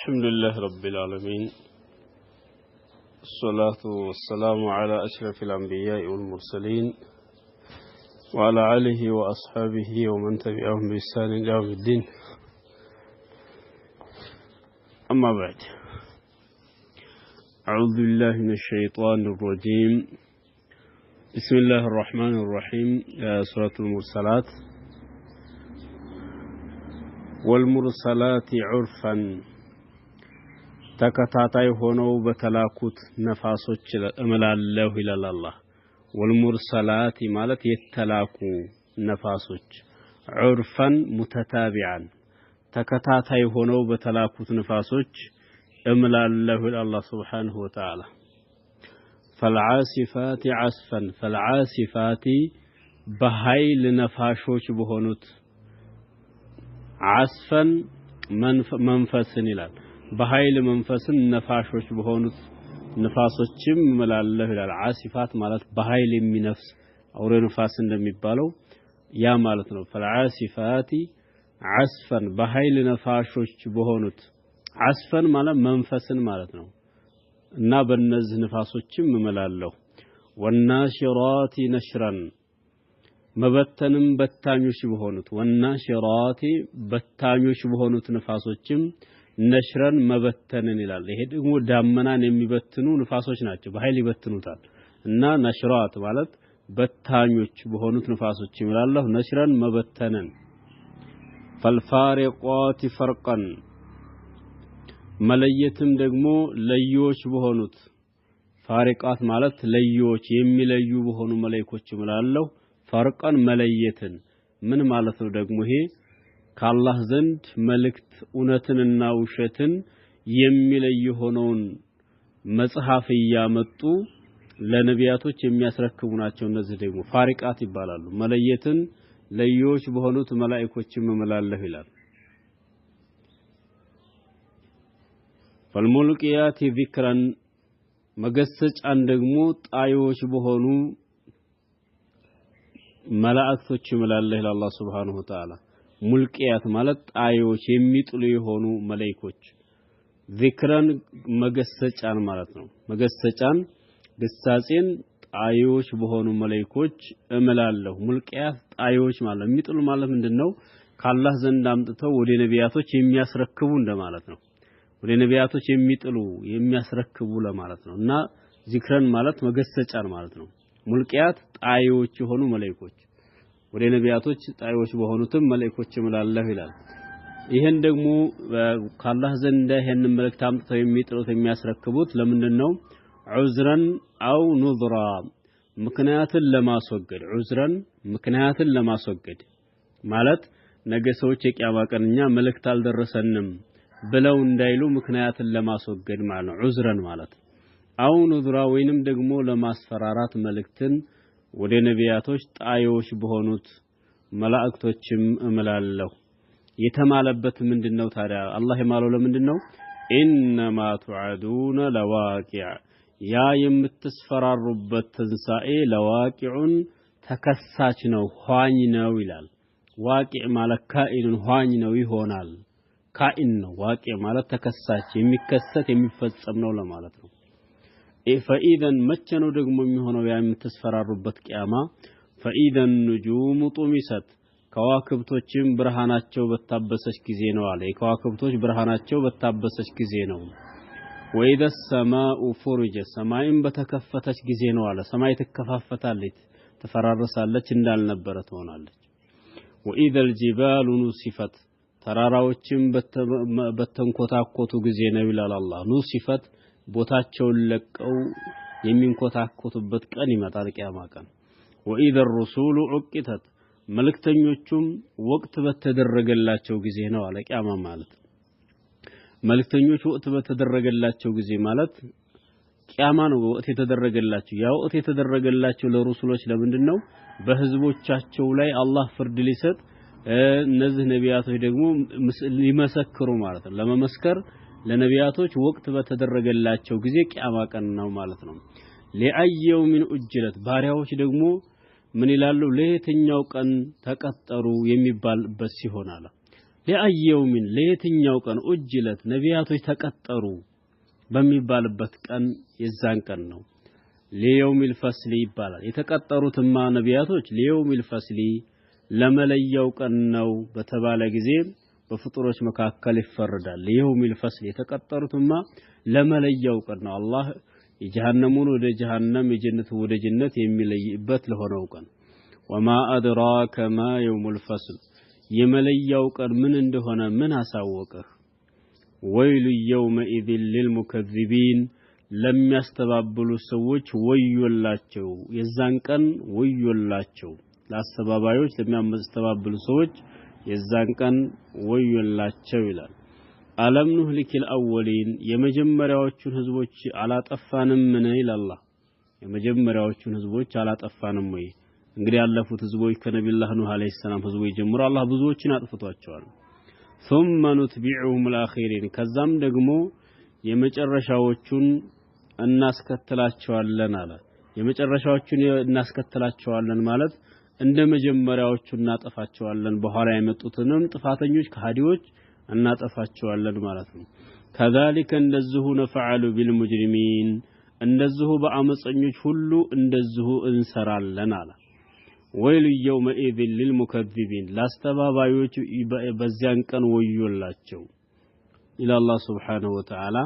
الحمد لله رب العالمين الصلاة والسلام على أشرف الأنبياء والمرسلين وعلى آله وأصحابه ومن تبعهم بإحسان إلى يوم الدين أما بعد أعوذ بالله من الشيطان الرجيم بسم الله الرحمن الرحيم سورة المرسلات والمرسلات عرفا ተከታታይ ሆነው በተላኩት ነፋሶች እምላለሁ ይላል አላህ። ወልሙርሰላቲ ማለት የተላኩ ነፋሶች ዑርፈን ሙተታቢዓን ተከታታይ ሆነው በተላኩት ነፋሶች እምላለሁ ይላል አላህ ሱብሓነሁ ወተዓላ። ፈልዓሲፋቲ ዓስፈን ፈልዓሲፋቲ በኃይል ነፋሾች በሆኑት ዓስፈን መንፈስን ይላል በኃይል መንፈስን ነፋሾች በሆኑት ንፋሶችም እምላለሁ ይላል። ዓሲፋት ማለት በኃይል የሚነፍስ አውሬ ንፋስ እንደሚባለው ያ ማለት ነው። ፈልዓሲፋቲ ዓስፈን በኃይል ነፋሾች በሆኑት ዓስፈን ማለት መንፈስን ማለት ነው እና በእነዚህ ንፋሶችም እምላለሁ። ወናሽራቲ ነሽረን መበተንም በታኞች በሆኑት ወናሽራቲ በታኞች በሆኑት ንፋሶችም ነሽረን መበተንን ይላል። ይሄ ደግሞ ዳመናን የሚበትኑ ንፋሶች ናቸው። በኃይል ይበትኑታል እና ነሽራት ማለት በታኞች በሆኑት ንፋሶች ይምላለሁ። ነሽረን መበተንን ፈልፋሪቋት ፈርቀን መለየትም ደግሞ ለዮች በሆኑት ፋሪቃት ማለት ለዮች የሚለዩ በሆኑ መለይኮች ይምላለሁ። ፈርቀን መለየትን ምን ማለት ነው ደግሞ ይሄ ካላህ ዘንድ መልእክት እውነትንና ውሸትን የሚለይ የሆነውን መጽሐፍ እያመጡ ለነቢያቶች የሚያስረክቡ ናቸው። እነዚህ ደግሞ ፋሪቃት ይባላሉ። መለየትን ለዮች በሆኑት መላእኮችም እምላለሁ ይላል። ፈልሙልቅያት ዚክራን መገሰጫን ደግሞ ጣዮች በሆኑ መላእክቶች እምላለሁ ይላል አላህ ሱብሓነሁ ወተዓላ ሙልቅያት ማለት ጣዮች የሚጥሉ የሆኑ መለይኮች ዚክረን መገሰጫን ማለት ነው። መገሰጫን ግሳጼን ጣዮች በሆኑ መለይኮች እምላለሁ። ሙልቅያት ጣዮች ማለት የሚጥሉ ማለት ምንድነው ካላህ ዘንድ አምጥተው ወደ ነቢያቶች የሚያስረክቡ እንደማለት ነው። ወደ ነቢያቶች የሚጥሉ የሚያስረክቡ ለማለት ነው እና ዚክረን ማለት መገሰጫን ማለት ነው። ሙልቅያት ጣዮች የሆኑ መለይኮች ወደ ነቢያቶች ጣዮች በሆኑትም መላእክቶች እምላለሁ ይላል። ይህን ደግሞ ካላህ ዘንድ ይህን መልእክት አምጥተው የሚጥሉት የሚያስረክቡት ለምንድን ነው? ዑዝረን አው ኑዝራ ምክንያትን ለማስወገድ ዑዝረን ምክንያትን ለማስወገድ ማለት ነገ ሰዎች የቂያማ ቀን እኛ መልእክት አልደረሰንም ብለው እንዳይሉ ምክንያትን ለማስወገድ ማለት ነው። ዑዝረን ማለት አው ኑዝራ ወይንም ደግሞ ለማስፈራራት መልእክትን ወደ ነቢያቶች ጣዮች በሆኑት መላእክቶችም እምላለሁ። የተማለበት ምንድን ነው ታዲያ? አላህ የማለው ለምንድን ነው? ኢነማ ቱዓዱነ ለዋቂዕ፣ ያ የምትስፈራሩበት ትንሣኤ ለዋቂዑን ተከሳች ነው፣ ኋኝ ነው ይላል። ዋቂዕ ማለት ካኢኑን ኋኝ ነው ይሆናል። ካኢን ነው። ዋቂዕ ማለት ተከሳች፣ የሚከሰት የሚፈጸም ነው ለማለት ነው። ፈኢዘን መቼ ነው ደግሞ የሚሆነው ያ የምትስፈራሩበት ቅያማ? ፈኢዘን ኑጁሙ ጡሚሰት ከዋክብቶችም ብርሃናቸው በታበሰች ጊዜ ነው አለ። የከዋክብቶች ብርሃናቸው በታበሰች ጊዜ ነው። ወኢዘ ሰማኡ ፉርጀ ሰማይም በተከፈተች ጊዜ ነው አለ። ሰማይ ትከፋፈታለች፣ ትፈራረሳለች፣ እንዳልነበረ ትሆናለች። ወኢዘ ልጅባሉ ኑሲፈት ተራራዎችም በተንኮታኮቱ ጊዜ ነው ይላል አላህ ኑሲፈት ቦታቸውን ለቀው የሚንኮታኮቱበት ቀን ይመጣል፣ ቂያማ ቀን። ወኢዘ ሩሱሉ ዑቂተት መልእክተኞቹም ወቅት በተደረገላቸው ጊዜ ነው አለ። ቂያማ ማለት መልእክተኞች ወቅት በተደረገላቸው ጊዜ ማለት ቂያማ ነው። ወቅት የተደረገላቸው ያ ወቅት የተደረገላቸው ለሩሱሎች ለምንድን ነው? በህዝቦቻቸው ላይ አላህ ፍርድ ሊሰጥ እነዚህ ነቢያቶች ደግሞ ሊመሰክሩ ማለት ነው ለመመስከር ለነቢያቶች ወቅት በተደረገላቸው ጊዜ ቂያማ ቀን ነው ማለት ነው። ለአየው ምን እጅለት ባሪያዎች ደግሞ ምን ይላሉ? ለየትኛው ቀን ተቀጠሩ የሚባልበት ሲሆን አለ ለአየው ምን ለየትኛው ቀን እጅለት ነቢያቶች ተቀጠሩ በሚባልበት ቀን የዛን ቀን ነው። ለየውሚል ፈስሊ ይባላል። የተቀጠሩትማ ነቢያቶች ለየውሚል ፈስሊ ለመለያው ቀን ነው በተባለ ጊዜ በፍጡሮች መካከል ይፈርዳል። ሊየውሚል ፈስል የተቀጠሩትማ ለመለያው ቀን ነው። አላህ የጀሃነሙን ወደ ጀሃነም የጀነት ወደ ጀነት የሚለይበት ለሆነው ቀን ወማ አድራከ ማ የውሙል ፈስል የመለያው ቀን ምን እንደሆነ ምን አሳወቀህ? ወይሉ የውመኢዝን ልልሙከዚቢን ለሚያስተባብሉ ሰዎች ወዮላቸው። የዛን ቀን ወዮላቸው ለአስተባባዮች፣ ለሚያስተባብሉ ሰዎች የዛን ቀን ወዮላቸው ይላል። አለም ኑህሊኪል አወሊን የመጀመሪያዎቹን ህዝቦች ምን ይላል የመጀመሪያዎቹን ህዝቦች አላጠፋንም ወይ? እንግዲህ ያለፉት ህዝቦች ከነቢላህ ኑህ አለይሂ ሰላም ህዝቦች ጀምሮ አላህ ብዙዎችን አጥፍቷቸዋል። ثم نتبعهم الاخرين ከዛም ደግሞ የመጨረሻዎቹን እናስከትላቸዋለን አለ። የመጨረሻዎቹን እናስከትላቸዋለን ማለት እንደ መጀመሪያዎቹ እናጠፋቸዋለን፣ በኋላ የመጡትንም ጥፋተኞች ከሃዲዎች እናጠፋቸዋለን ማለት ነው። ከዛሊከ እንደዚሁ ነፈዓሉ ቢልሙጅሪሚን እንደዚሁ በአመፀኞች ሁሉ እንደዚሁ እንሰራለን አለ። ወይሉ የውመኢዝን ሊልሙከዚቢን ለአስተባባዮች በዚያን ቀን ወዮላቸው ይላል አላህ ወተዓላ።